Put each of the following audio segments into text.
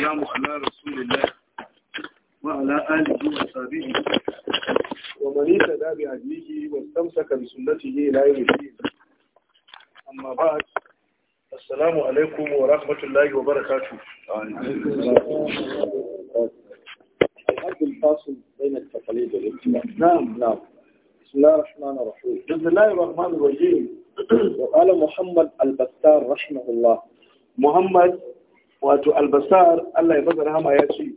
والسلام على رسول الله وعلى آله وصحبه ومن اهتدى بهديه واستمسك بسنته إلى يوم الدين أما بعد السلام عليكم ورحمة الله وبركاته الحد الفاصل بين التقاليد نعم نعم بسم الله الرحمن الرحيم بسم الله الرحمن الرحيم وقال محمد البستار رحمه الله محمد wato albasar Allah ya bazara hama ya ce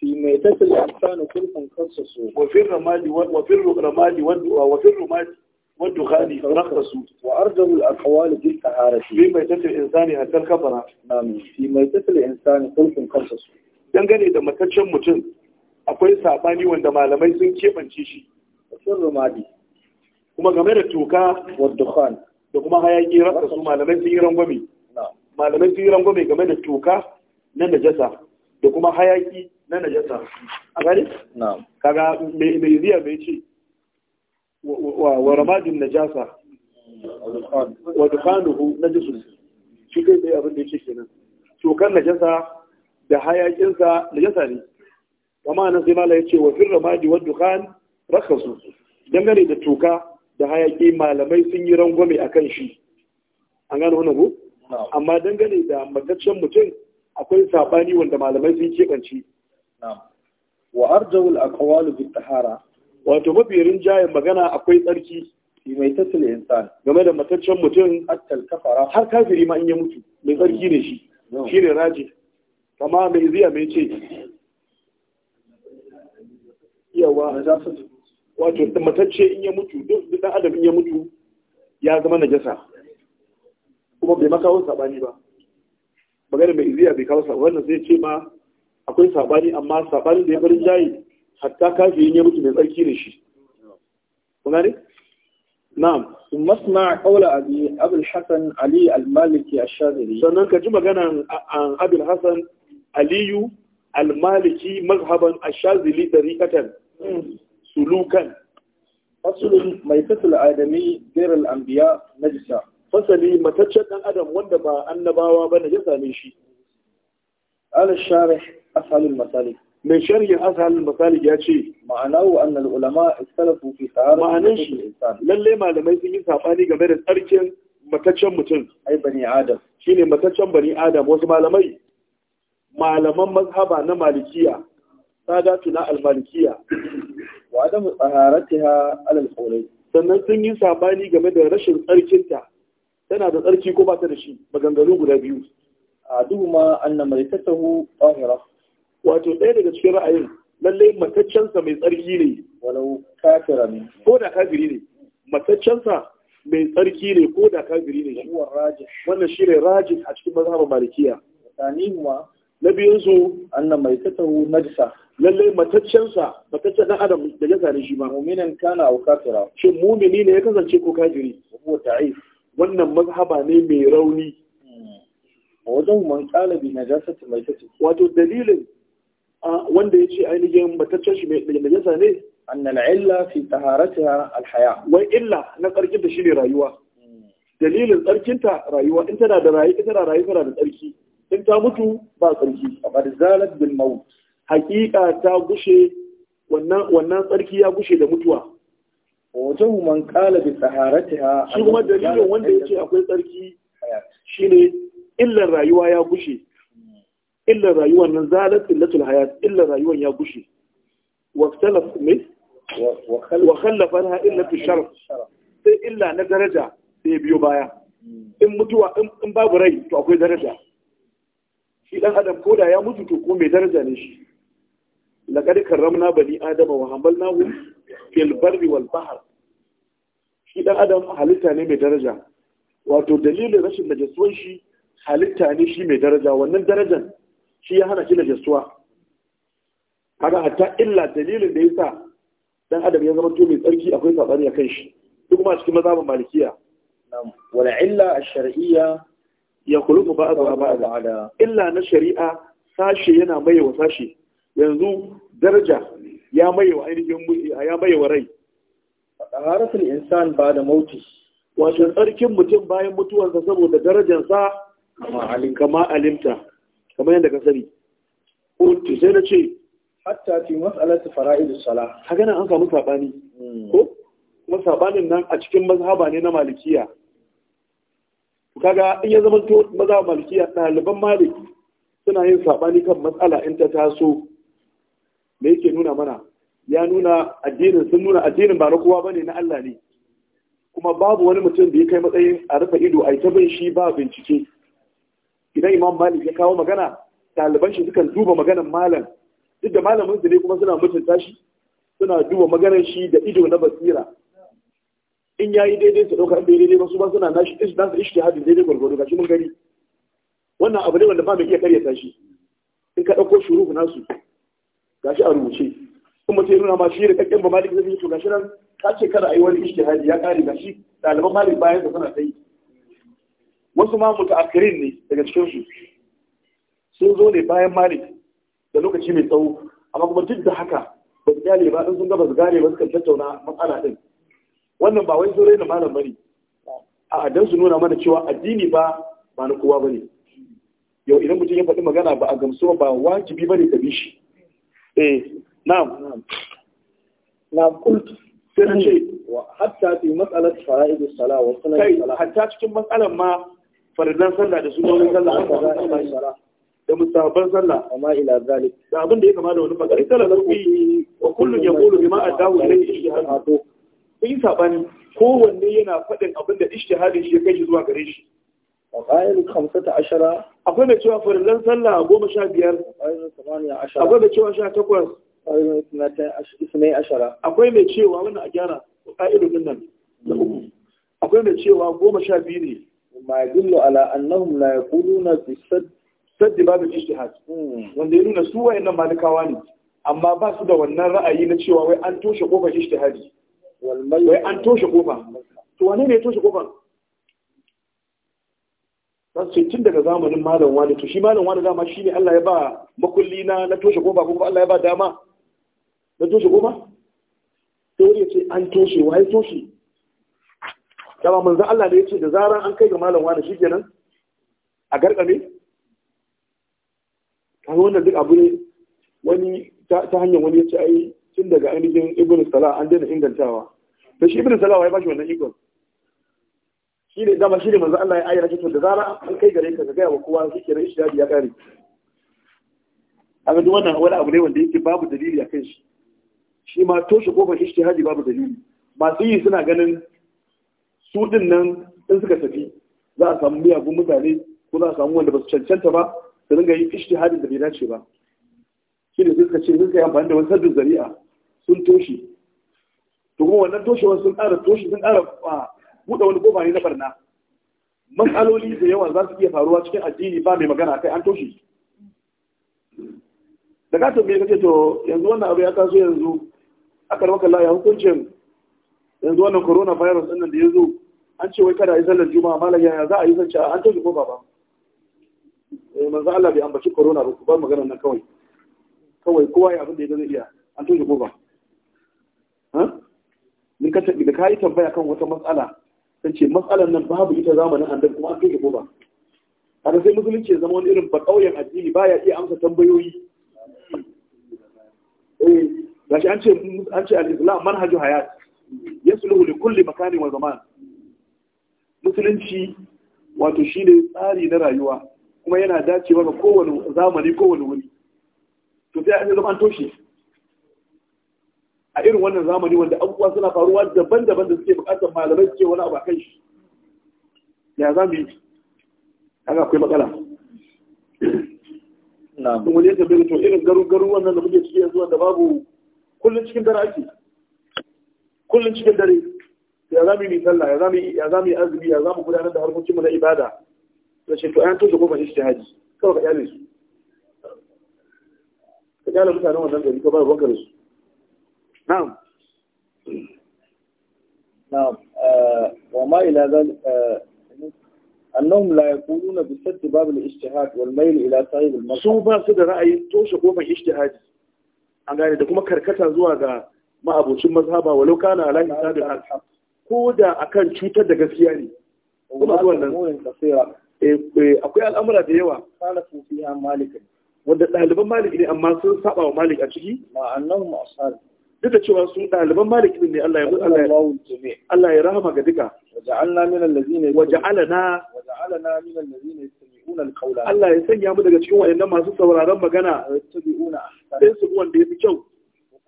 fi mai tattal amfani kurkun kansa su wafin ramadi wafin ramadi wafin ramadi wadda khali rakasu wa ardabul aqwal bil taharati fi mai tattal insani hatta kafara amin fi mai tattal insani kurkun kansa su dangane da mataccen mutum akwai sabani wanda malamai sun kebance shi wafin ramadi kuma game da toka wadda da kuma hayaki rakasu malamai sun yi rangwame malamai sun yi rangwame game da toka na najasa da kuma hayaki na najasa a gani? kaga mai ziya mai ce wa ramadin najasa wa dukanuhu na jisu shi kai sai abin da ya ce kenan tokan najasa da hayakinsa najasa ne kama nan sai mala ya ce wa fir ramadi wa dukan rakasu dangane da toka da hayaki malamai sun yi rangwame a kan shi an gano wannan ko amma dangane da mataccen mutum akwai sabani wanda malamai sun keɓance wa arjawul aqwalu bi tahara wato mafi rinjayen magana akwai tsarki fi mai tattala insan game da mataccen mutum hatta kafara har kafiri ma in ya mutu mai tsarki ne shi shine raji kama mai ziya mai ce yawa wato matacce in ya mutu duk dan adam in ya mutu ya zama najasa kuma bai makawo sabani ba magana mai iziya bai kawo sabani wannan zai ce ma akwai sabani amma sabani da ya farin jayi hatta kafirin yin mutu mai tsarki ne shi kuna ne na'am masma qawla abi abul hasan ali al-maliki ash-shazili sannan ka ji magana an abul hasan aliyu al-maliki mazhaban ash-shazili tariqatan sulukan asulun mai fasul adami ghayr al-anbiya najsa fasali mataccen ɗan adam wanda ba annabawa ba ne ya same shi ala sharih asalin masalik mai sharhin asalin masalik ya ce ma'ana wa al ulama istalafu fi tahara ma'ana shi lalle malamai sun yi sabani game da tsarkin mataccen mutum ai bani adam shine mataccen bani adam wasu malamai malaman mazhaba na malikiya sadatuna na almalikiya wa adamu taharatiha ala al sannan sun yi sabani game da rashin tsarkinta tana da tsarki ko ba ta da shi maganganu guda biyu a duhu ma annan mai tattahu tsahira wato ɗaya daga cikin ra'ayin lallai mataccensa mai tsarki ne walau kafira ne ko da kafiri ne mataccensa mai tsarki ne ko da kafiri ne wannan shi ne rajin a cikin mazhabar malikiya na biyun su annan mai tattahu najisa lallai mataccensa mataccen dan adam da ya zane shi ba mu'minan kana au kafira shin mu'mini ne ya kasance ko kafiri ko ta'if wannan mazhaba ne mai rauni wajen man kala na najasati mai tace wato dalilin wanda yace ainihin mataccen shi mai najasa ne anna al-illa fi taharatiha al-haya wai illa na karkin da ne rayuwa dalilin tsarkinta rayuwa in tana da rayu tana rayu tana da tsarki in ta mutu ba tsarki A zalat bil maut haqiqa ta gushe wannan wannan tsarki ya gushe da mutuwa wajen man kala bi ha shi kuma dalilin wanda ya ce akwai tsarki shine illar rayuwa ya gushe illar rayuwa nan zalat illatul hayat illar rayuwa ya gushe wa talaf ne wa khallafa ha illatul sharaf sai illa na daraja sai biyo baya in mutuwa in babu rai to akwai daraja shi dan adam ko da ya mutu to ko mai daraja ne shi laqad karramna bani adama wa hamalnahum fil barri wal bahr shi dan adam halitta ne mai daraja wato dalilin rashin najasuwan shi halitta ne shi mai daraja wannan darajan shi ya hana shi najasuwa kaga hatta illa dalilin da yasa dan adam ya zama to mai tsarki akwai sabani akan shi duk ma cikin mazhabin malikiya wala illa ash-shar'iyya yakhluqu ba'daha ba'da illa na shari'a sashe yana maye wa sashe yanzu daraja ya maye wa ainihin ya maye wa rai taharatul insan ba da mauti wato tsarkin mutum bayan mutuwarsa saboda darajarsa kama alimta kamar yadda ka sani kuntu sai na ce hatta fi mas'alatu fara'idus salah Haka nan an samu sabani ko kuma sabanin nan a cikin mazhaba ne na malikiya kaga in ya zama to mazhab malikiya ɗaliban maliki suna yin sabani kan mas'ala in ta taso me yake nuna mana ya nuna addinin sun nuna addinin ba na kowa bane na Allah ne kuma babu wani mutum da ya kai matsayin a rufe ido a ta bin shi ba bincike idan imam malik ya kawo magana ɗaliban shi sukan duba maganan malam duk da malamin su ne kuma suna mutunta shi suna duba maganan shi da ido na basira in ya yi daidai su ɗaukar daidai ba su ba suna nashi ish dan su ishe hadin daidai gwargwado gashi mun gani wannan abu ne wanda ba mai iya karyata shi in ka ɗauko shuru nasu gashi a rubuce kuma mutum ya nuna ma shi da kakken ba malik zai yi to gashi nan ka ce kada a yi wani ishtihadi ya kare gashi ɗaliban malik bayan da suna sai wasu ma muta'akhirin ne daga cikin su sun zo ne bayan malik da lokaci mai tsawo amma kuma duk da haka ba su gane ba in sun gaba su gane ba suka tattauna matsala din wannan ba wai sun raina malam bane a dan su nuna mana cewa addini ba ba na kowa bane yau idan mutum ya faɗi magana ba a gamsuwa ba wajibi bane ka bi shi eh na'am na'am قلت سنجي na في مسألة hatta الصلاة matsalar fara'id sala wa sunan sala hatta cikin matsalar ma وسلم sallah da da musabban sallah amma ila zalik da abin da ya kama da wani ita sallah zarfi wa kullun yaqulu bima shi ilayhi ijtihadu sun yi sabani kowanne yana faɗin abin da ijtihadin shi ya kai zuwa gare shi وقائل خمسة عشرة أقول لك شوف فرلان صلى قوم Akwai da cewa sha takwas. isnai ashara akwai mai cewa wannan a gyara ƙa'idodin nan na uku akwai mai cewa goma sha biyu ne ma yadullu ala annahum la yaquluna bi saddi babu ijtihad hmm. wanda ya nuna su wayannan malikawa ne amma ba su da wannan ra'ayi na cewa wai an toshe kofar ijtihadi wai an toshe kofa to wane ne ya toshe kofar za su tun daga zamanin malam wani to shi malam wani dama shine Allah ya ba makulli na na toshe kofa ko Allah ya ba dama na toshe goma sai wani ce an toshe wa ya toshe dama manzan Allah ne ya ce da zaran an kai ga malam wani shi nan a garkame kaga wannan duk abu ne wani ta hanyar wani ya ce ai tun daga ainihin ibn salah an daina ingantawa da shi ibn salah ya bashi wannan ikon shi ne dama shi ne manzo Allah ya ayyana shi to da zarar an kai gare ka ka gaya wa kowa shi shi ya kare a ga wannan wani abu ne wanda yake babu dalili a kan shi shi ma toshe kofar hajji babu dalili masu yi suna ganin su din nan in suka tafi za a samu miyagun mutane ko za a samu wanda ba su cancanta ba su ringa yin hajji da bai dace ba shi ne suka ce suka yi amfani da wani sabbin zari'a sun toshe to kuma wannan toshewar sun ƙara toshe sun ƙara buɗe wani kofa ne na barna matsaloli da yawa za su iya faruwa cikin addini ba mai magana kai an toshe da ka tambaye ka ce to yanzu wannan abu ya taso yanzu aka maka la hukuncin yanzu wannan corona virus din da ya zo an ce wai kada a yi sallar juma'a malam yaya za a yi zance an tafi ko baba eh manzo Allah bai ambaci corona ba ku bar magana nan kawai kawai kowa ya abin da ya zai iya an tafi ko ba ha ni ka da kai tambaya kan wata matsala sai ce matsalar nan babu ita zamanin annabi kuma an tashi ko ba haka sai musulunci ya zama wani irin ba kauyen addini baya iya amsa tambayoyi eh gashi an ce an ce al-islam manhajul hayat yasluhu li kulli makani wa zaman musulunci wato shine tsari na rayuwa kuma yana dacewa ga kowane zamani kowane wuri to sai an zama an toshe a irin wannan zamani wanda abubuwa suna faruwa daban-daban da suke bukatar malamai suke wani abu a kan shi ya za mu yi kaga akwai matsala na kuma ne ta bai to irin garu-garu wannan da muke ciki yanzu wanda babu كل شيء كنت رأيتي كل شيء كنت رأيتي يا زامي مثلا يا زامي يا زامي أزبي يا زامي كل أنا ده هرمون تيمو لعبادة لشين تؤين تو جوكو فنشت هاجي كما قد يعني فجالة بس أنا وزنزل لك بقى بقى نعم نعم آه وما إلى ذلك آه، أنهم لا يقولون بسد باب الاجتهاد والميل إلى صاحب المصر صوبة كده رأي توشق وفن اجتهاد an gane da kuma karkata zuwa ga ma'abocin mazhaba walau kana ala hisabil haq ko da akan cutar da gaskiya ne kuma zuwa nan eh, eh, akwai al'amura da yawa salafu fiha malik wanda ɗaliban malik ne amma sun saba wa malik a ciki ma'annahum ashab duk da cewa sun, ɗaliban malik ne Allah ya Allah ya Allah ya rahama ga duka waja'alna min allazina waja'alna waja'alna min allazina yastami'una alqawla Allah ya sanya mu daga cikin wayannan masu sauraron magana yattabi'una sai su wanda ya fi kyau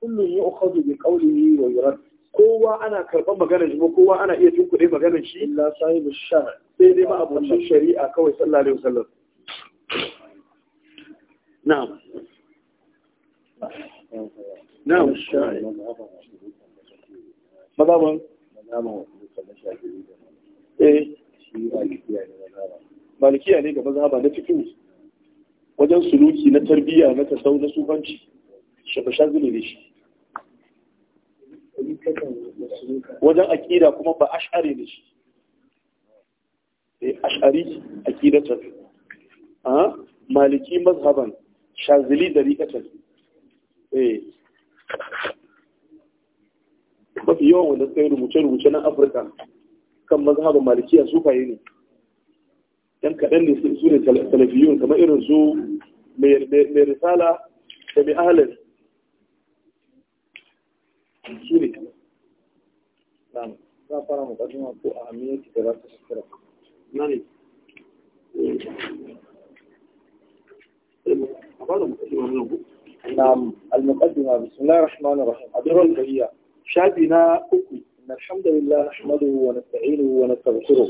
kullum ya ukhadu bi qawlihi wa yurad kowa ana karban maganar shi kowa ana iya tunkuɗe maganar shi illa sahibu shar sai dai ma abincin shari'a kawai sallallahu alaihi wasallam na'am na'am mazaman eh malikiya ne ga mazhaba na cikin wajen suluki na tarbiyya na tasau na sufanci shafa zule da shi wajen akida kuma ba ash'ari da shi eh, ash'ari a maliki mazhaban shazili da E! Eh. mafi yawan wanda tsaye rubuce-rubuce na afirka kan mazhaban malikiya sufaye ne كانك أني سورة التلفيون كما إرزو مرسالة كما أهل سورة نعم لا فرع مقدمة في أهمية كتابات السفرة ناني نعم المقدمة بسم الله الرحمن الرحيم أدرى الكهية شابنا أكل إن الحمد لله نحمده ونستعينه ونستغفره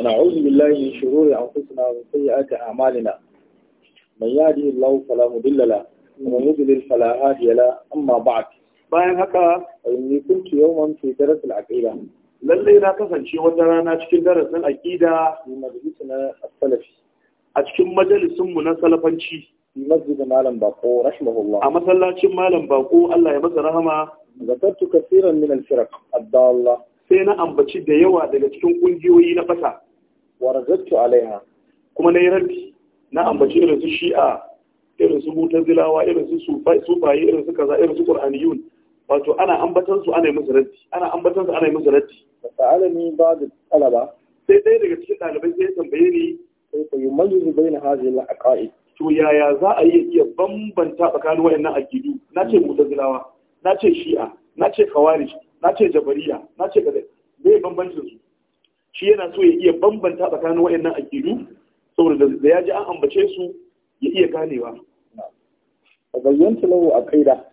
ونعوذ بالله من شرور أنفسنا ومن سيئات أعمالنا من يهده الله فلا مضل له ومن يضلل فلا هادي له أما بعد bayan haka inni kuntu yawman fi darasil aqida lalle na kasance wata rana cikin darasin aqida ni majlisin salafi a cikin majalisin mu na salafanci fi masjid malam baqo rahimahullah a masallacin malam bako Allah ya masa rahama zakartu kaseeran min al-firaq adda Allah sai na ambaci da yawa daga cikin ƙungiyoyi na fata wa alaiha kuma na yi rabbi na ambaci irin su shi'a irin su mutazilawa irin su sufayi irin su kaza irin su qur'aniyun wato ana ambatan su ana yi musu raddi ana ambatan su ana yi musu raddi fa'alani ba da talaba sai ɗaya daga cikin ɗalibai sai ya tambaye ni sai bai na baina hadhihi al-aqaid to yaya za a yi iya bambanta tsakanin wayannan aqidu na ce mutazilawa na ce shi'a na ce khawarij na ce jabariya na ce kadai bai bambanci su shi yana so ya iya bambanta tsakanin wayannan aqidu saboda da ya ji an ambace su ya iya ganewa a bayyanta lahu kaida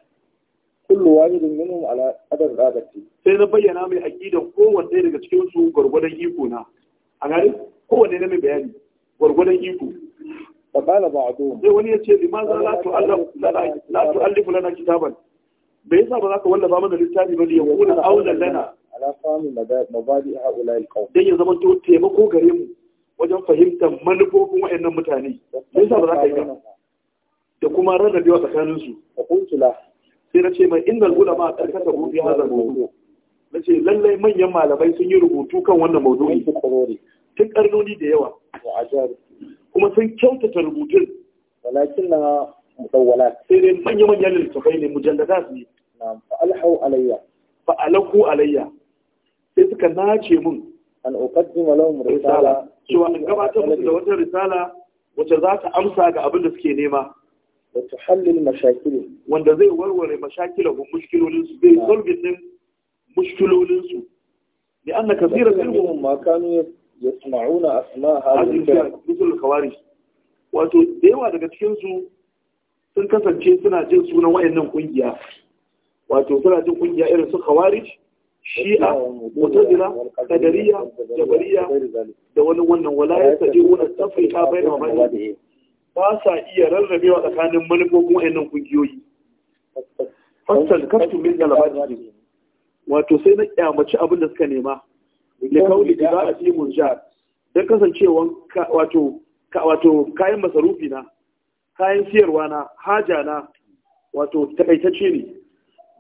kullu wahidin minhum ala qadar radati sai na bayyana mai aqidan kowanne daga cikin su gurgurdan iko na a gare kowanne na mai bayani gurgurdan iko fa qala ba'du sai wani ce limaza la tu'allif la tu'allif lana kitaban me yasa ba za ka wallafa mana littafi ba da ya wuri da aulan lana ala ya zama to taimako gare mu wajen fahimtar manufofin wa'annan mutane me yasa ba za ka yi da kuma rarrabewa tsakanin su a sai na ce mai ma a karkata gobe a hadha mawdu na ce lallai manyan malamai sun yi rubutu kan wannan maudu'i tun karnoni da yawa kuma sun kyautata rubutun walakin musawwalat sai dai manya manyan littafai ne mujalladat ne na'am fa alhau alayya fa alahu alayya sai suka nace mun an uqaddima lahum risala cewa in gabatar musu da wata risala wacce za ta amsa ga abin da suke nema da tuhallil mashakil wanda zai warware mashakilahum mushkilolinsu zai solving din mushkilolinsu لأن كثيرا منهم ما كانوا يسمعون أسماء هذه الفرق مثل الخوارج wato da yawa daga cikinsu sun kasance suna jin sunan wayannan kungiya wato suna jin kungiya irin su khawarij shi'a mutazila qadariya jabariya da wani wannan wala ta je wani tafrika bayan mabadi ba sa iya rarrabewa tsakanin manufofin wayannan kungiyoyi fasal kaftu min galabati wato sai na kyamaci abin da suka nema da kauli da za a fi ja don kasancewa wato kayan masarufi na kayan siyarwa na haja na wato takaitacce ne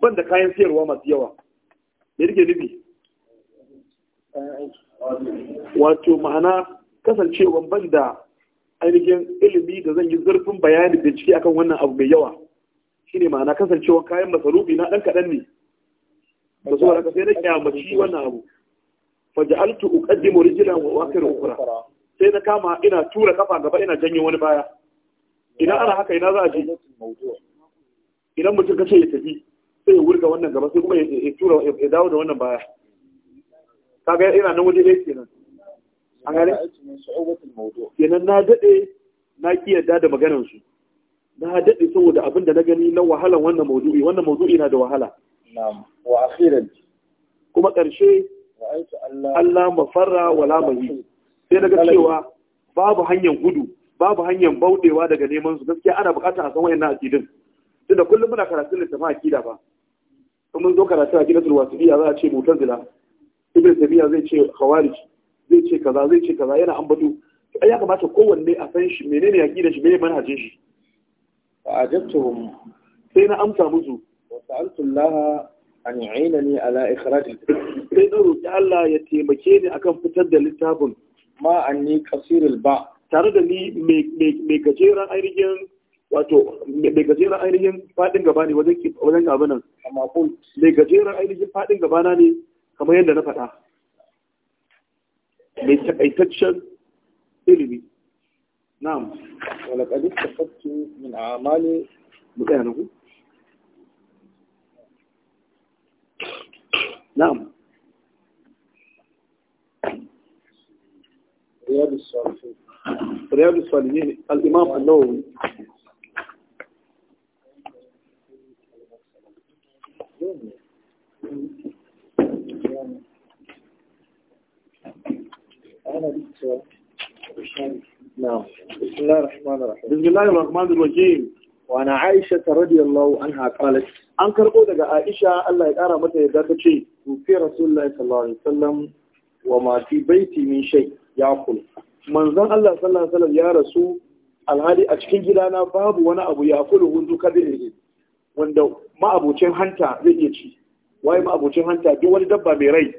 ban da kayan siyarwa masu yawa da nake nufi wato ma'ana kasancewa ban da ainihin ilimi da zan yi zurfin bayani bincike akan wannan abu mai yawa shine ma'ana kasancewa kayan masarufi na ɗan kaɗan ne da zuwa daga sai na kyamaci wannan abu altu ukaddimu rigila wa wakar ukura sai na kama ina tura kafa gaba ina janyo wani baya idan ana haka ina za a je idan mutum kace ya tafi sai ya wurga wannan gaba sai kuma ya tura ya dawo da wannan baya kaga ina nan waje ɗaya kenan an gane kenan na daɗe na ki yarda da maganar su na daɗe saboda abin da na gani na wahalan wannan maudu'i wannan maudu'i na da wahala na'am wa akhiran kuma ƙarshe Allah mafarra wala mahi sai daga cewa babu hanyar gudu babu hanyar bauɗewa daga neman su gaskiya ana buƙatar a san wayan na akidin tunda kullum muna karatun tafi akida ba kuma mun zo karatun gidan wasiliya za a ce mutazila ibn tabiya zai ce khawarij zai ce kaza zai ce kaza yana ambato ai ya kamata kowanne a san shi menene akidar shi menene manhajin shi fa ajabtuhum sai na amsa musu wa sa'altu an yu'inani ala ikhraj sai na roki Allah ya taimake ni akan fitar da littafin ma anni kasirul ba' tare da ni mai gajeren ainihin wato mai gajeren ainihin fadin gaba ne wajen wajen amma kun mai gajeren ainihin fadin gaba na ne kamar yadda na faɗa mai takaitaccen ilimi na'am wala ta tafakki min amali mu tsaya na ku na'am riyadu salihin رياض الصالحين الإمام النووي نعم بسم الله الرحمن an karɓo daga Aisha Allah ya ƙara mata yadda ta ce, Rufe Rasulullah sallallahu Alaihi wasallam wa mafi baiti min shai ya kula. manzon Allah sallallahu alaihi wasallam ya rasu alhali a cikin gidana babu wani abu ya kulu hundu kabiri wanda ma'abocin hanta zai iya ci waye ma'abocin hanta duk wani dabba mai rai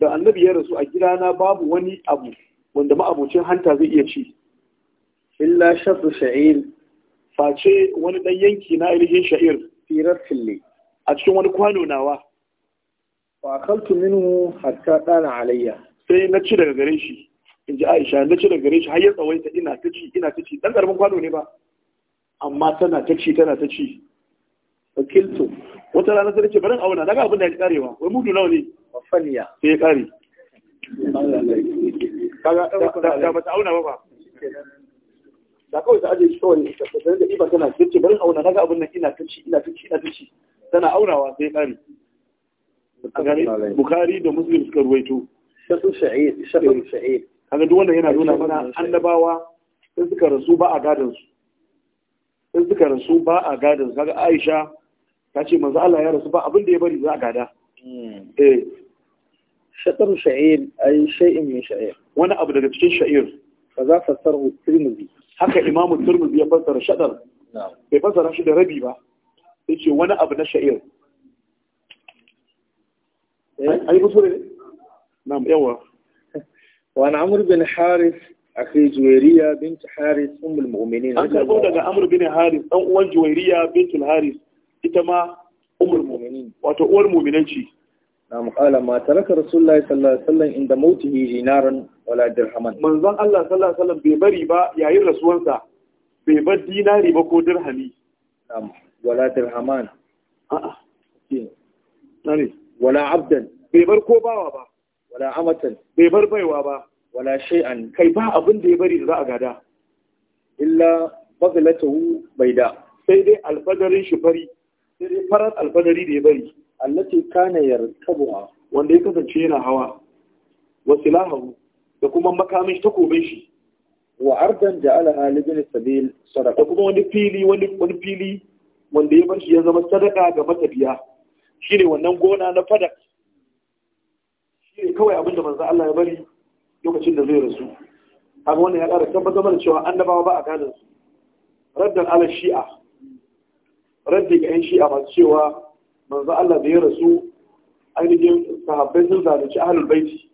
da annabi ya rasu a gidana babu wani abu wanda ma'abocin hanta zai iya ci illa shatu sha'ir face wani dan yanki na ainihin sha'ir firar fille a cikin wani kwano nawa wa khaltu minhu hatta dana alayya sai na ci daga gare shi in ji aisha na ci daga gare shi har ya tsawaita ina ta ci ina ta ci dan karamin kwano ne ba amma tana ta ci tana ta ci wakiltu wata rana sai ce barin auna daga abin da ya karewa wai mudu nawa ne faniya sai ya kare kaga da bata auna ba ba da kawai ta aje shi kawai ta tsaye da iba tana ce barin auna daga abin da ina ta ci ina ta ci ina ta ci tana aunawa sai ya kare a bukari da muslim suka ruwaito shafi sha'id shafi sha'id kaga duk wanda yana nuna mana annabawa sai suka rasu ba a gadon su sai suka rasu ba a gadon su kaga Aisha ta ce manzo Allah ya rasu ba abin da ya bari za a gada hmm. eh shatar sha'ir ay shay'in min sha'ir wani abu daga cikin sha'ir fa za fasarahu Tirmidhi haka Imam Tirmidhi ya fassara shatar bai fassara shi da rabi ba yace wani abu na sha'ir eh ai musu ne na'am yawa وعن عمرو بن حارث أخي جويرية بنت حارث أم المؤمنين أنت أقول لك عمرو بن حارث أو أول جويرية بنت الحارث إتما أم المؤمنين وتقول مؤمنين شيء نعم قال ما ترك رسول الله صلى الله عليه وسلم عند موته دينارا ولا درهما من ظن الله صلى الله عليه وسلم بيبري با يا رسول الله بيبر ديناري بكو درهمي نعم ولا درهمان أه. نعم ولا عبدا بيبر كوبا با wala amatan bai bar baiwa ba wala shay'an kai ba abin da ya bari da za a gada illa fadlatahu baida sai dai alfadarin shi fari sai dai farar alfadari da ya bari allati kana yarkabuha wanda ya kasance yana hawa wa silahu da kuma makamin shi takobin shi wa ardan ja'ala halibin sabil sadaqa kuma wani fili wani wani fili wanda ya bar shi ya zama sadaka ga matafiya shine wannan gona na fadak kawai abin da manzo Allah ya bari lokacin da zai rasu kaga wannan ya ƙara tabbatar mana cewa annabawa ba a gadon su raddan ala shi'a raddi ga yan shi'a masu cewa manzo Allah da ya rasu ainihin sahabbai sun zalunci ahlul baiti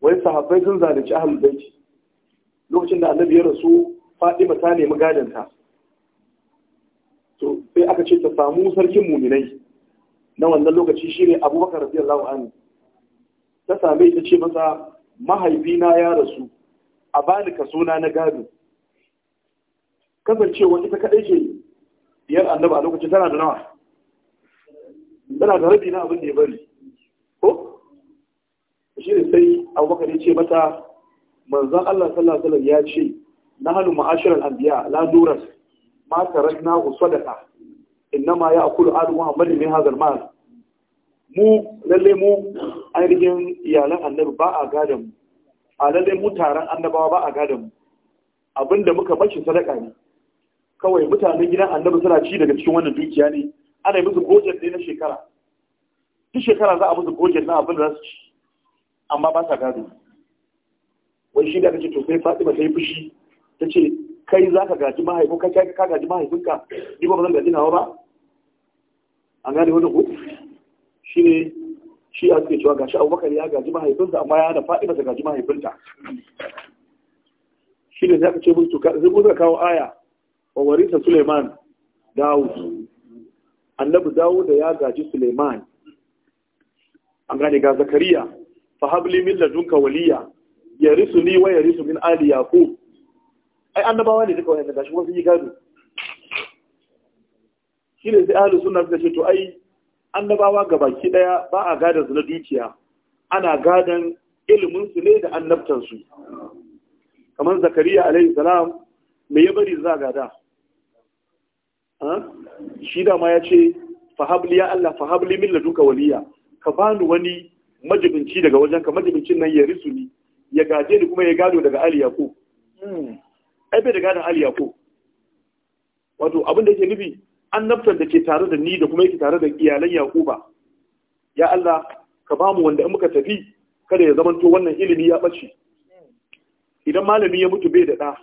wai sahabbai sun zalunci ahlul baiti lokacin da annabi ya rasu faɗi ta nemi gadonta to sai aka ce ta samu sarkin muminai na wannan lokaci shi ne abubakar rafiyar anhu ta same ta ce masa mahaifina ya rasu a bani ka na na gado wani ita kaɗai ce biyar annaba a lokaci tana da nawa tana da rabi na abin da ya bari ko shi ne sai abubakar ya ce mata manzan allah sallallahu alaihi ya ce na hannu ma'ashirar anbiya la nuras ما tarakna usadaka innama ya akulu محمد من هذا المال al mu lalle mu ainihin iyalan annabi ba a gada mu a lalle mu taron annabawa ba a gada mu abinda muka bashi sadaka ne kawai mutanen gidan annabi suna ci daga cikin wannan dukiya ne ana yi musu gojen ne na shekara duk shekara za a musu gojen na abin da za su ci amma ba sa gado wai shi da kace to sai Fatima ta yi fushi ta ce kai za ka gaji mahaifu ka kai ka gaji mahaifinka ni ba zan gaji nawa ba an gane wannan ku shi ne shi a suke cewa gashi abubakar ya gaji mahaifinsa amma ya da fa'ida ta gaji mahaifinta shi ne za ka ce musu ka zai kuka kawo aya wa warisa suleiman dawud annabi dawud da ya gaji suleiman an gane ga zakariya fa habli min ladunka waliya yarisuni wa yarisu min ali yaqub ai annabawa ne duka wannan gashi wasu yi gado shi ne sai ahlus sunna suka ce to ai annabawa baki daya ba a gadan su na dukiya ana gadan ilimin su ne da annabtan su kamar zakariya alaihi salam me ya bari za gada shi da ma ya ce fahabli ya Allah fahabli min laduka waliya ka bani wani majibinci daga wajen ka majibincin nan ya risu ni ya gaje ni kuma ya gado daga Ali Yaqub hmm. ai bai da gadon ali wato abin da yake nufi annabtar da ke tare da ni da kuma yake tare da iyalan Yakuba. ya Allah ka ba mu wanda in muka tafi kada ya zamanto wannan ilimi ya bace idan malami ya mutu bai da ɗa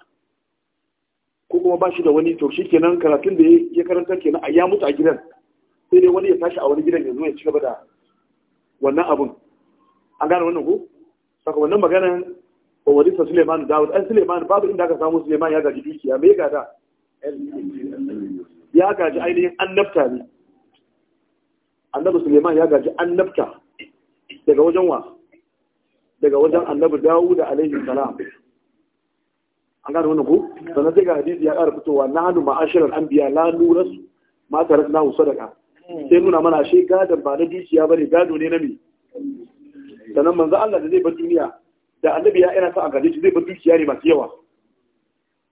ko kuma ba shi da wani to kenan karatun da ya karanta kenan a ya mutu a gidan sai dai wani ya tashi a wani gidan yanzu ya ci gaba da wannan abun an gane wannan ko saka wannan maganan wa warisa Suleiman Dawud an Suleiman babu inda aka samu Suleiman ya gaji dukiya me gada ya gaji ainihin annabta ne annabi Suleiman ya gaji annabta daga wajen wa daga wajen annabi Dawud alaihi salam an gane wannan ko sannan sai ga hadisi ya ƙara fitowa na hannu ma'ashirar an biya la nurasu ma tare na sadaka sai nuna mana shi gadon ba na dukiya ba ne gado ne na me sannan manzo Allah da zai bar duniya da annabi ya yana sa a gaji shi zai bar dukiya ne masu yawa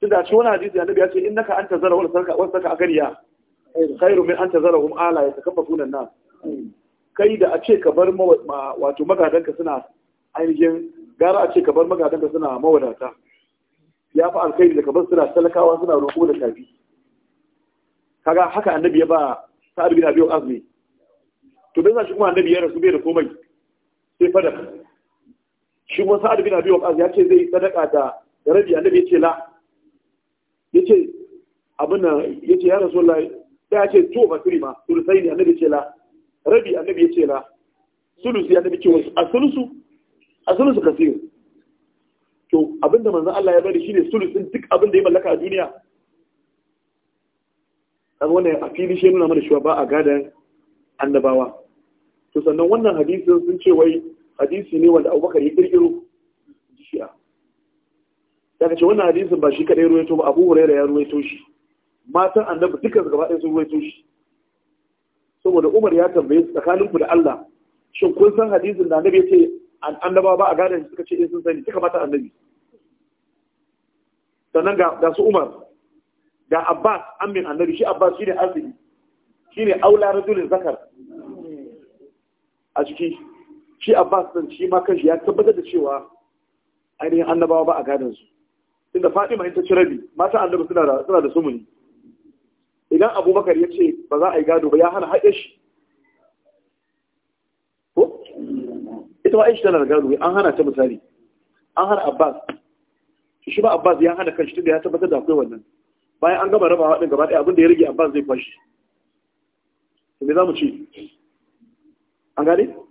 tun da shi wani hadisi annabi ya ce in naka an tazara wani sarka wani sarka agariya khairu min an tazara hum ala ya takaffa sunan nan hmm. kai da a ce ka bar wato magadanka suna ainihin gara a ce ka bar magadanka suna mawadata ya fi alkhairi da ka bar suna talakawa suna roƙo da tafi kaga haka annabi ya ba sa'ad bin abi azmi to dan shi kuma annabi ya rasu bai da komai sai fadak shi kuma sa'ad bin abi waqas ya ce zai yi sadaka da rabi annabi ya ce la yace abin nan yace ya rasulullah sai ya ce to ba tiri ma sulusai ne annabi ya ce la rabi annabi ya ce la sulusi annabi ce wasu asulusu asulusu kasir to abinda manzo Allah ya bari shine sulusin duk da ya mallaka a duniya kaga wannan a fili shi nuna mana cewa ba a gadan annabawa to sannan wannan hadisin sun ce wai hadisi ne wanda abubakar ya kirkiro shi'a daga ce wannan hadisin ba shi kadai ruwaito ba abu huraira ya ruwaito shi matan annabi dukkan gaba ɗaya sun ruwaito shi saboda umar ya tambaye su tsakaninku da allah shin kun san hadisin da annabi ya ce annaba ba a gadon suka ce in eh sun sani duka mata annabi sannan ga su umar ga abbas amin annabi shi abbas shi ne arziki, shi ne aula rajulin zakar a shi shi abbas din shi ma kanshi ya tabbatar da cewa ainihin annabawa ba a gadon su inda fatima in ta ci rabi mata annabu suna da sumuni idan abubakar ya ce ba za a yi gado ba ya hana haɗe shi ko ita ma aisha tana da gado an hana ta misali an hana abbas shi ba abbas ya hana kanshi tunda ya tabbatar da akwai wannan bayan an gama rabawa din gaba ɗaya abinda ya rage abbas zai kwashi me za mu ce an gane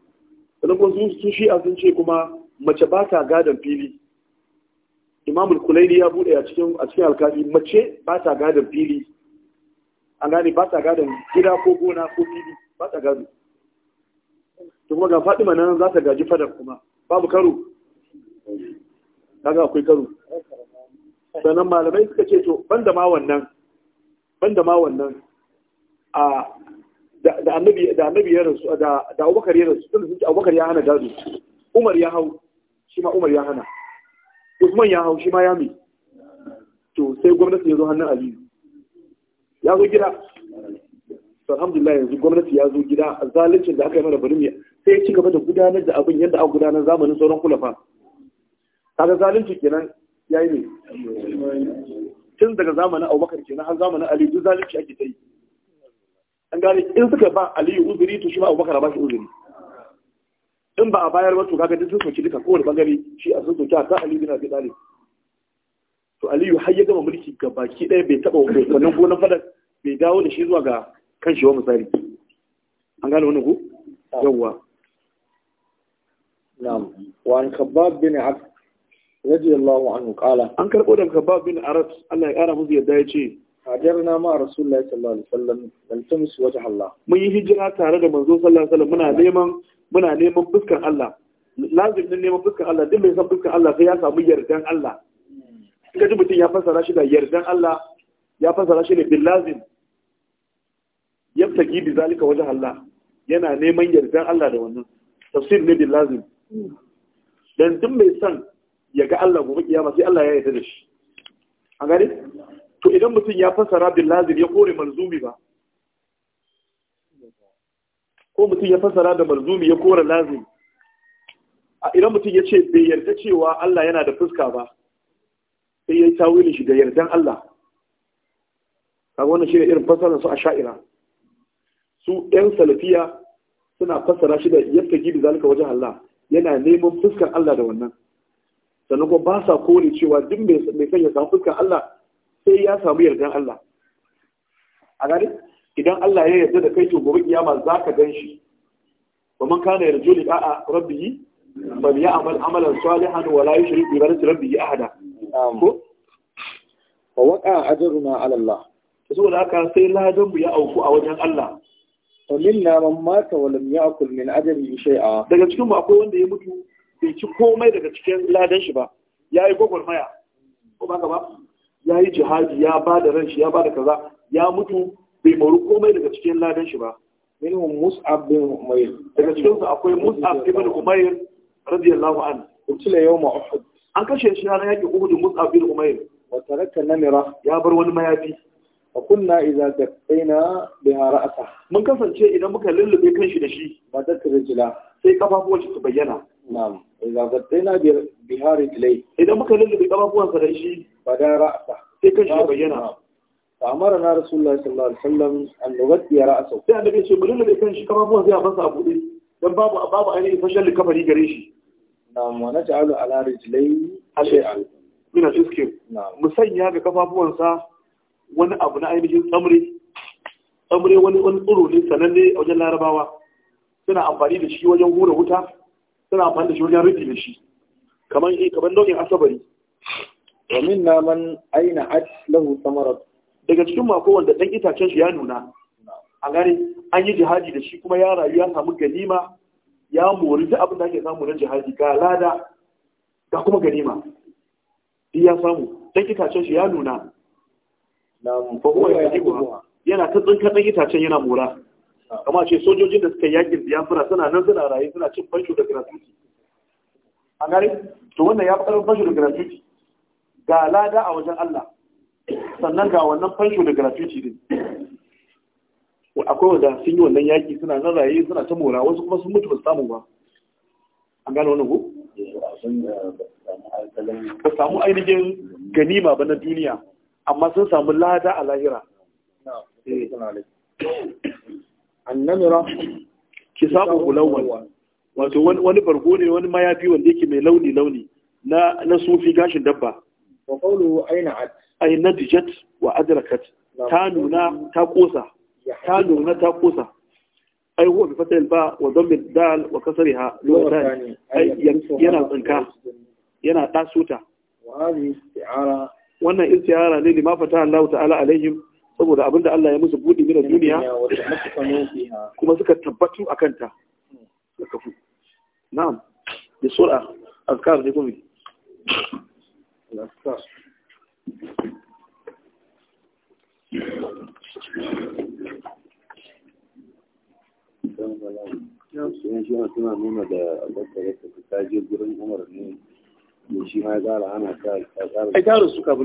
sannan kuma su a sun ce kuma mace ba ta gadon fili imamul kulaini ya bude a cikin a cikin alkali mace ba ta gadon fili an gane ba ta gadon gida ko gona ko fili ba ta gado to kuma ga Fatima nan za ta gaji fadar kuma babu karo kaga akwai karo sannan malamai suka ce to banda ma wannan banda ma wannan a da annabi da annabi ya rasu da da Abubakar ya rasu tunda sun ce Abubakar ya hana gado Umar ya hau shi ma Umar ya hana Usman ya hau shi ma ya mi to sai gwamnati ya zo hannun Aliyu ya zo gida alhamdulillah yanzu gwamnati ya zo gida zaluncin da aka yi mana bari sai ya ci gaba da gudanar da abin yadda aka gudanar zamanin sauran kulafa kaga zalunci kenan yayi ne tun daga zamanin Abubakar kenan har zamanin Ali duk zalunci ake ta yi an gane in suka ba aliyu uzuri to shi ma abubakar ba shi uzuri in ba a bayar ba to kaga duk sun soki duka kowane bangare shi a sun soki a ta aliyu bin abi talib to aliyu har ya gama mulki ga baki ɗaya bai taɓa wannan gonan fadar bai dawo da shi zuwa ga kan shi wa misali an gane wani ku yawwa na'am wa an kabbab bin abd radiyallahu anhu qala an karbo daga kabbab bin arab Allah ya kara musu yadda ya ce hajarna ma rasulullahi sallallahu alaihi wasallam su wajh Allah mun yi hijira tare da manzo sallallahu alaihi wasallam muna neman muna neman fuskar Allah lazim ne neman fuskar Allah duk mai san fuskar Allah sai ya samu yardan Allah ga duk mutum ya fassara shi da yardan Allah ya fassara shi ne bil lazim yabtagi bi zalika wajen Allah yana neman yardan Allah da wannan tafsir ne bil lazim dan duk mai san ya ga Allah gobe kiyama sai Allah ya yarda da shi an gane to idan mutum ya fassara bil lazim ya kore malzumi ba ko mutum ya fassara da malzumi ya kore lazim a idan mutum ya ce bai yarda cewa Allah yana da fuska ba sai ya yi tawilin shi da yardan Allah kaga wannan shi ne irin fassarar su a sha'ira su ɗan salafiya suna fassara shi da yadda gidi zalika wajen Allah yana neman fuskar Allah da wannan sannan kuma ba sa kone cewa duk mai sanya ya samu fuskar Allah sai ya samu yardan Allah a gani idan Allah ya yarda da kai to gobe kiyama za ka gan shi wa man kana yarju ba rabbih falyamal amalan salihan wa la yushrik bi ibadati a ahada ko a waqa ajruna ala Allah saboda ka sai ladan bu ya auku a wajen Allah wa minna man mata wa lam ya'kul min ajrihi shay'a daga cikin mu akwai wanda ya mutu bai ci komai daga cikin ladan shi ba yayi gwagwarmaya ko ba ka ba ya yi jihadi ya ba da ran shi ya ba da kaza ya mutu bai maru komai daga cikin ladan shi ba minhum mus'ab bin umayr daga cikin su akwai mus'ab bin umayr radiyallahu anhu utila yawma uhud an kashe shi ranar yakin uhud mus'ab bin umayr wa taraka namira ya bar wani mayafi wa kunna idza dafaina biha ra'sa mun kasance idan muka lullube kanshi da shi ba da rijila sai kafafuwan shi su bayyana na'am idza gaddayna bi bihari ilay idan muka lullube da shi fa da ra'sa sai kan shi bayyana fa amara na rasulullahi sallallahu alaihi wasallam an nughaddi ra'sa sai annabi ce mu lullube kan shi kafafuwan sai a fasa a bude don babu babu ainihin fashal likafari gare shi na'am wa naj'alu ala rijlai shay'an min al-iskin mu sanya ga kafafuwansa wani abu na ainihin tsamre tsamre wani wani tsoro ne sananne a wajen larabawa suna amfani da shi wajen hura wuta suna amfani da shi wajen rufi da shi kamar yi eh, kamar nau'in asabari wa minna man aina a lahu samarar daga cikin mako wanda dan itacen shi ya nuna a gare an yi jihadi da shi kuma ya rayu ya samu ganima ya mori duk abin da ake samu na jihadi ga lada ga kuma ganima duk ya samu dan itacen shi ya nuna na fa huwa yana ta tsinka dan itacen yana mora kama ce sojojin da suka yakin biyafura suna nan suna raye suna cin fansho da gratuiti a gare to wannan ya fi fashu fansho da gratuiti ga lada a wajen Allah sannan ga wannan fansho da gratuiti din akwai wanda sun yi wannan yaki suna nan raye suna ta mora wasu kuma sun mutu ba samu ba a gane wannan ko ba samu ainihin ganima ba na duniya amma sun samu lada a lahira annamira kisabu gulawwan wato wani bargo ne wani mayafi wanda yake mai launi launi na na sufi gashin dabba wa qawlu aina at ay dijat wa adrakat ta nuna ta kosa ta nuna ta kosa ai huwa bi fatal ba wa dammi dal wa kasriha lawatan ay yana tsinka yana tasuta wa hadhihi isti'ara wannan isti'ara ne lima fata Allah ta'ala alaihim saboda abinda Allah ya musu buɗe mina duniya kuma suka tabbatu a kanta da kafu na'am da sura azkar ne nuna da albakarar ta je gurin umar ne,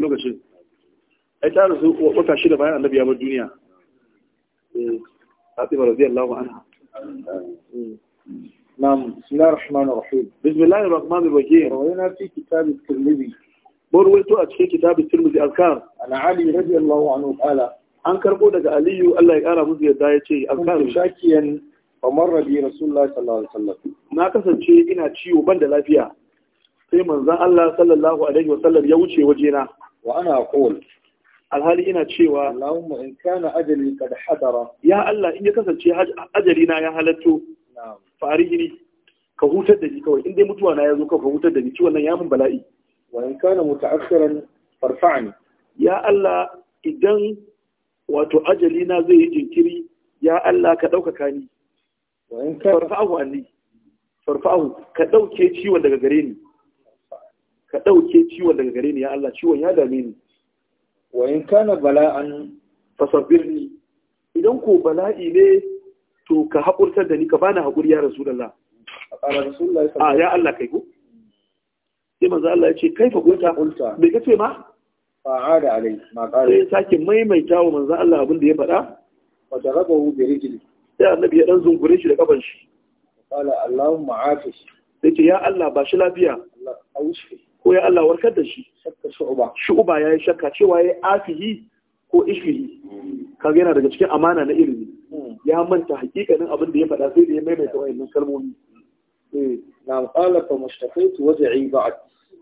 lokacin. ai ta rasu wata da bayan annabi ya bar duniya eh, Fatima radiyallahu anha نعم بسم الله الرحمن الرحيم بسم الله الرحمن الرحيم روينا في كتاب الترمذي a cikin kitab الترمذي tirmidhi azkar علي ali radiyallahu anhu qala an karbo daga aliyu Allah ya kara musu yadda ya ce alkaru shakiyan famar bi rasulullahi sallallahu alaihi wasallam na kasance ina ciwo ban da lafiya sai manzon Allah sallallahu alaihi wasallam ya wuce wajena wa ana aqul alhali ina cewa Allahumma in kana ajali kad hadara ya Allah in ya kasance ajali na ya halatto farihini ka hutar da ni kawai in dai mutuwa na yazo zo ka hutar da ni ciwon nan ya mun bala'i wa in kana muta'akhiran farfa'ni ya Allah idan wato ajali na zai yi jinkiri ya Allah ka ɗaukaka ni wa in ka farfa'u anni farfa'u ka dauke ciwon daga gare ni ka dauke ciwon daga gare ni ya Allah ciwon ya dame ni wa in kana bala'an fasabirni idan ko bala'i ne to ka haƙurtar da ni ka bani haƙuri ya rasulullah a ya Allah kai ko. sai manzo Allah ya ce kai fa ulta me kace ma ada alai ma qala sai sake maimaita wa manzo Allah abin da ya faɗa wa tarabahu bi rijli sai annabi ya dan zungure shi da kafan shi qala allahumma afish sai ya Allah ba shi lafiya Allah aushi ko ya Allah warkar da shi shakka shu'uba shu'uba yayi shakka cewa yayi afihi ko ishihi kaga yana daga cikin amana na ilimi hmm. ya manta hakikanin abin da ya faɗa sai da ya maimaita wayannan kalmomi eh hmm. hmm. na qala fa mushtaqaitu waj'i ba'd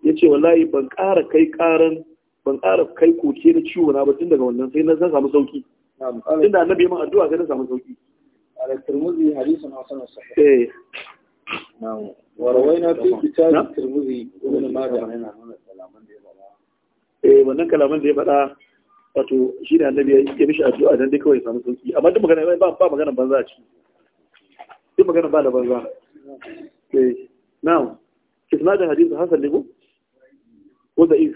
yace wallahi ban ƙara kai ƙaran ban ƙara kai koke da ciwo na ba tun daga wannan sai na san samu sauki inda da annabi mun addu'a sai na samu sauki al-Tirmidhi hadisun hasan sahih eh na warawaina fi kitab al majah eh wannan kalaman da ya faɗa wato shi da annabi ya mishi addu'a dan dai kawai samu sauki amma duk magana ba ba magana banza ci duk magana ba da banza eh now isnadin hadith hasan ne ko ko da if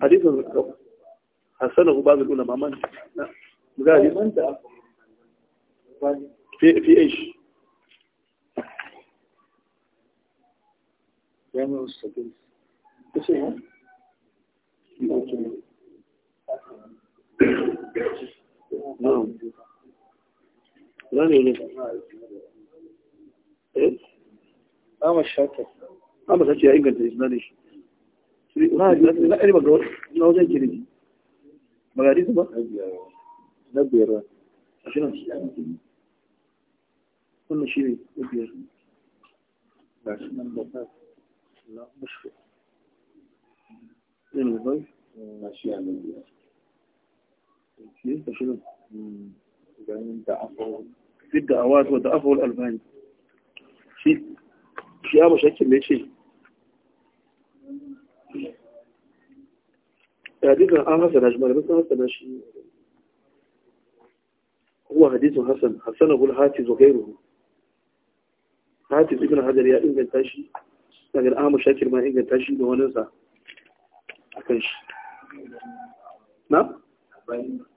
حديث حسنه بعض العلماء من من في في ايش؟ jami'u sabil kace ne na'am zane ne eh amma shakka amma sace ya inganta isnadin shi na ɗari ba na wajen kirji ba ga ba? na biyar ashirin wannan shi na لا مش فيه ايه اللي ضايف؟ طيب؟ ماشي عملية يعني انت إيه؟ شنو؟ يعني انت عفو في الدعوات ودعفه الألباني في في أبو شكل ليه شيء حديث عن حسن أجمل بس حسن شيء هو حديث حسن حسنه الهاتف وغيره هاتف ابن حجر يا إنجل تاشي daga al'amu shakir ma inganta shi da waninsa a kan shi na?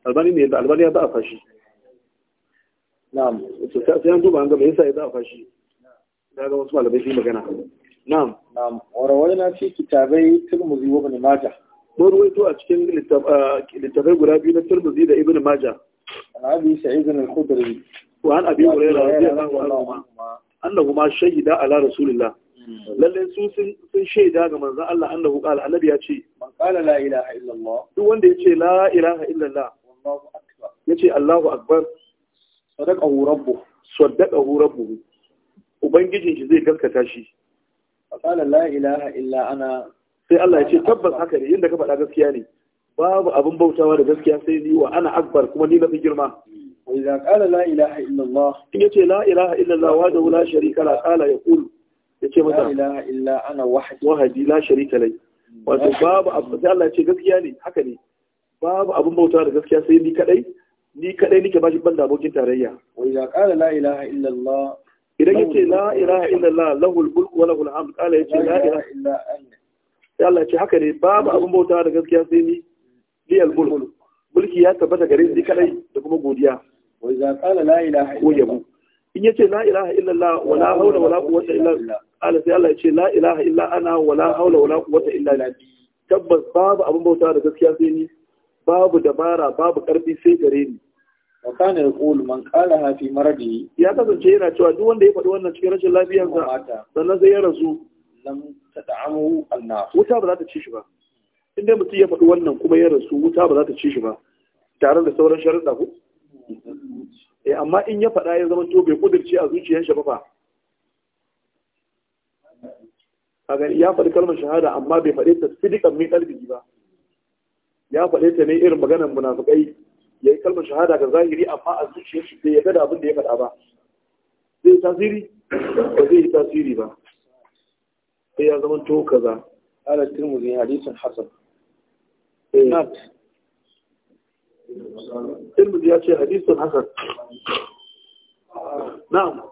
albani ne da albani ya za a fashi na'am sai an duba an gaba yasa ya za a fashi da ga wasu malabai sai magana na'am na'am warawai na ce kitabai turmuzi wa bani maja mun a cikin littafai guda biyu na turmuzi da ibn maja an abi sa'id al-khudri wa an abi hurairah wani anhu annahuma shahida ala rasulillah Mm. Lallai su sun shaida ga manzon Allah annahu qala annabi ya ce man qala la ilaha illallah duk wanda ya ce la ilaha illallah wallahu akbar yace Allahu akbar sadaqahu rabbuh sadaqahu rabbuh ubangijin shi zai gaskata shi qala la ilaha illa ana sai Allah ya ce tabbas haka ne inda ka faɗa gaskiya ne babu abin bautawa da gaskiya sai ni wa ana akbar kuma ni na fi girma wa idza qala la ilaha illa in yace la ilaha illa Allah wa la sharika la qala yaqul yace mata la ilaha illa ana wahdi wahdi la sharika lai wato babu abu sai Allah ya ce gaskiya ne haka ne babu abun bauta da gaskiya sai ni kadai ni kadai nake bashi ban da abokin tarayya wa idza qala la ilaha illa Allah idan yace la ilaha illa Allah lahul mulku wa lahul hamd qala yace la ilaha illa anta sai Allah ya ce haka ne babu abun bauta da gaskiya sai ni li al mulku mulki ya tabbata gare ni kadai da kuma godiya wa idza qala la ilaha illa Allah in yace la ilaha illallah wala haula wala quwwata illa billah sai Allah ya ce la ilaha illa ana wala haula wala quwwata illa billah tabbas babu abin bauta da gaskiya sai ni babu dabara babu karfi sai gare ni wa kana yaqul man ha fi maradi ya kasance yana cewa duk wanda ya faɗi wannan cikin rashin sa sannan sai ya rasu lam tad'amu an wuta ba za ta ci shi ba in dai mutum ya faɗi wannan kuma ya rasu wuta ba za ta ci shi ba tare da sauran sharuɗa ko eh amma in ya faɗa ya zama to bai kudirce a zuciyar shi ba fa kaga ya faɗi kalmar shahada amma bai faɗe ta sidiqan min qalbihi ba ya faɗe ta ne irin maganar munafikai yayi kalmar shahada ga zahiri amma a zuciyar shi bai yarda da abin da ya faɗa ba zai tasiri ba zai yi tasiri ba sai ya zama to kaza ala tirmidhi hadisin hasan eh. Tirmidhi ya ce hadisun hasan. Na'am.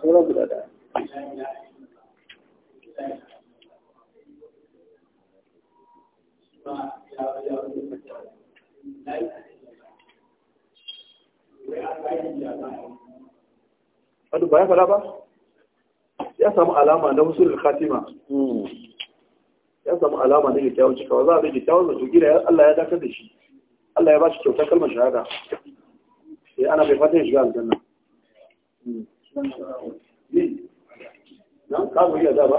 Sura guda da. Adu ba ya fara ba? ya samu alama na husul khatima ya samu alama na kyakkyawan cikawa za a bai kyakkyawan zato gida Allah ya dakar da shi Allah ya ba shi kyautar kalmar shahada sai eh, ana bai fatan shiga aljanna nan ka zo da ba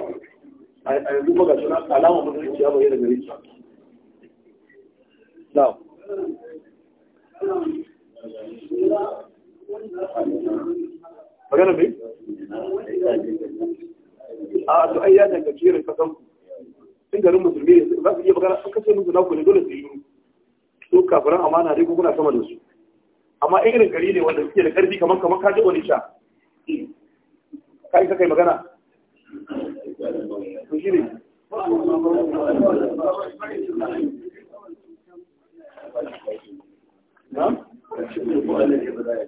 a yanzu ba suna alama mutum ya bayyana gare shi na'am Thank you. magana mai a to ai ya danganci irin kasan ku sun garin musulmi ne za su iya magana An kasance musu naku ne dole su yi nuru su kafiran amana dai kuna sama da su amma in irin gari ne wanda suke da karfi kamar kamar kaji onisha sha. ka kai magana to shi ne na?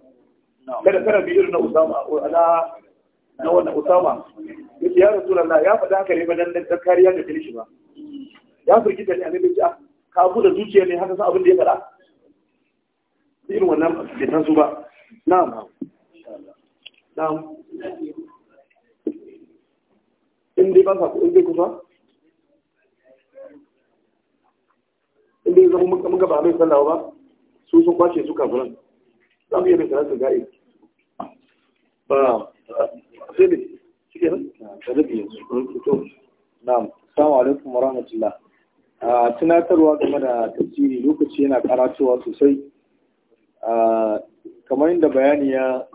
kada kada bi irin Usama ko ala na wannan usama yace ya rasulullah ya fada haka ne ba dan kariya da kirishi ba ya furki da annabi ya ah, ka abu zuciya ne haka sai abin da ya faɗa irin wannan bai san su ba na'am na'am in dai ba ku in dai kusa in dai zama muka ba mai sallawa ba su sun kwace su kafiran a tunatarwa game da tafsiri lokaci yana karatowa sosai kamar yadda bayani ya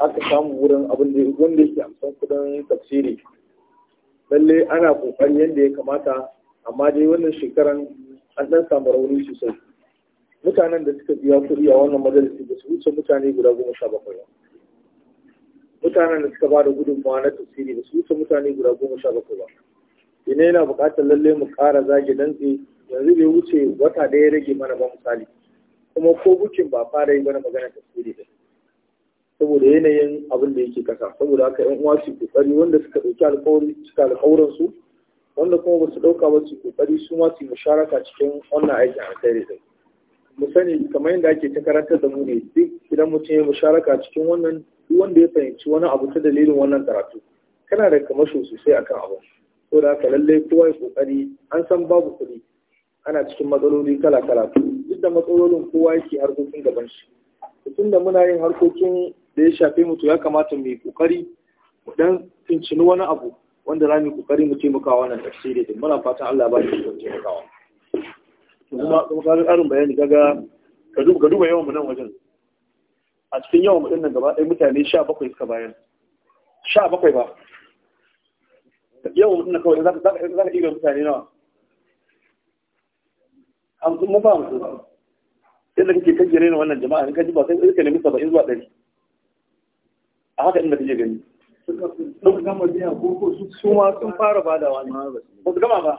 aka samu wurin abin da wanda yake amsan kudin tafsiri lalle ana kokari yadda ya kamata amma dai wannan shekaran an dan samu rauni sosai mutanen da suka biya kuɗi a wannan majalisi da su wuce mutane guda goma sha bakwai ba mutanen da suka bada gudunmawa na tafsiri da su wuce mutane guda goma sha bakwai ba ina yana buƙatar lalle mu ƙara zage dantse yanzu bai wuce wata ɗaya rage mana ba misali kuma ko bukin ba fara yi mana magana tafsiri da saboda yanayin abin da yake kasa saboda haka yan uwa su kokari wanda suka ɗauki alƙawari suka alƙawuran su wanda kuma ba su ɗauka ba su kokari su ma su musharaka cikin wannan aikin da din mu sani kamar yadda ake ta karantar da mu ne duk idan mutum ya musharaka cikin wannan duk wanda ya fahimci wani abu ta dalilin wannan karatu kana da kamasho sosai akan abu ko da haka lallai kowa ya kokari an san babu kuɗi ana cikin matsaloli kala kala duk da matsalolin kowa yake harkokin gaban shi tun da muna yin harkokin da ya shafe mu to ya kamata mu yi kokari mu dan tuncini wani abu wanda za mu yi kokari mu taimaka wannan tafsiri din muna fatan Allah ba shi taimakawa kuma kuma kaga bayani kaga ga duba yawan mu nan wajen a cikin yawan mu nan gaba ɗaya mutane sha bakwai suka bayan sha bakwai ba yawan mutum na kawai za ka iya mutane nawa hamsin mun ba mutum yadda kake kan jere na wannan jama'a in ka ji ba sai ka nemi saba'in zuwa ɗari a haka inda kake gani su ma sun fara badawa ne ba su gama ba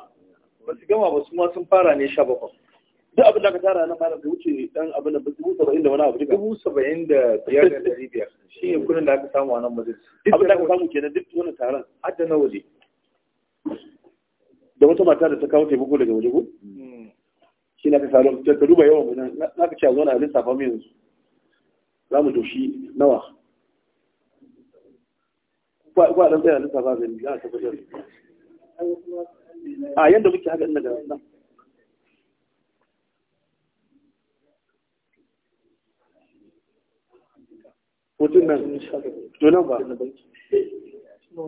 ba su gama ba su ma sun fara ne sha bakwai duk abin da aka tara na malam bai wuce dan abin da dubu saba'in da wani abu duka dubu saba'in da biyar da dari biyar shi ne kudin da aka samu a nan majalis abin da aka samu kenan duk wani taron hadda na waje da wata mata da ta kawo taimako daga waje ko hmm. shi na ka salo ka duba yawan mutum na ka ce a zo na lissafa mu yanzu za mu doshi nawa ba dan tsaya lissafa zai za a tabbatar a yanda muke haka ina da nan hotun nan to nan ba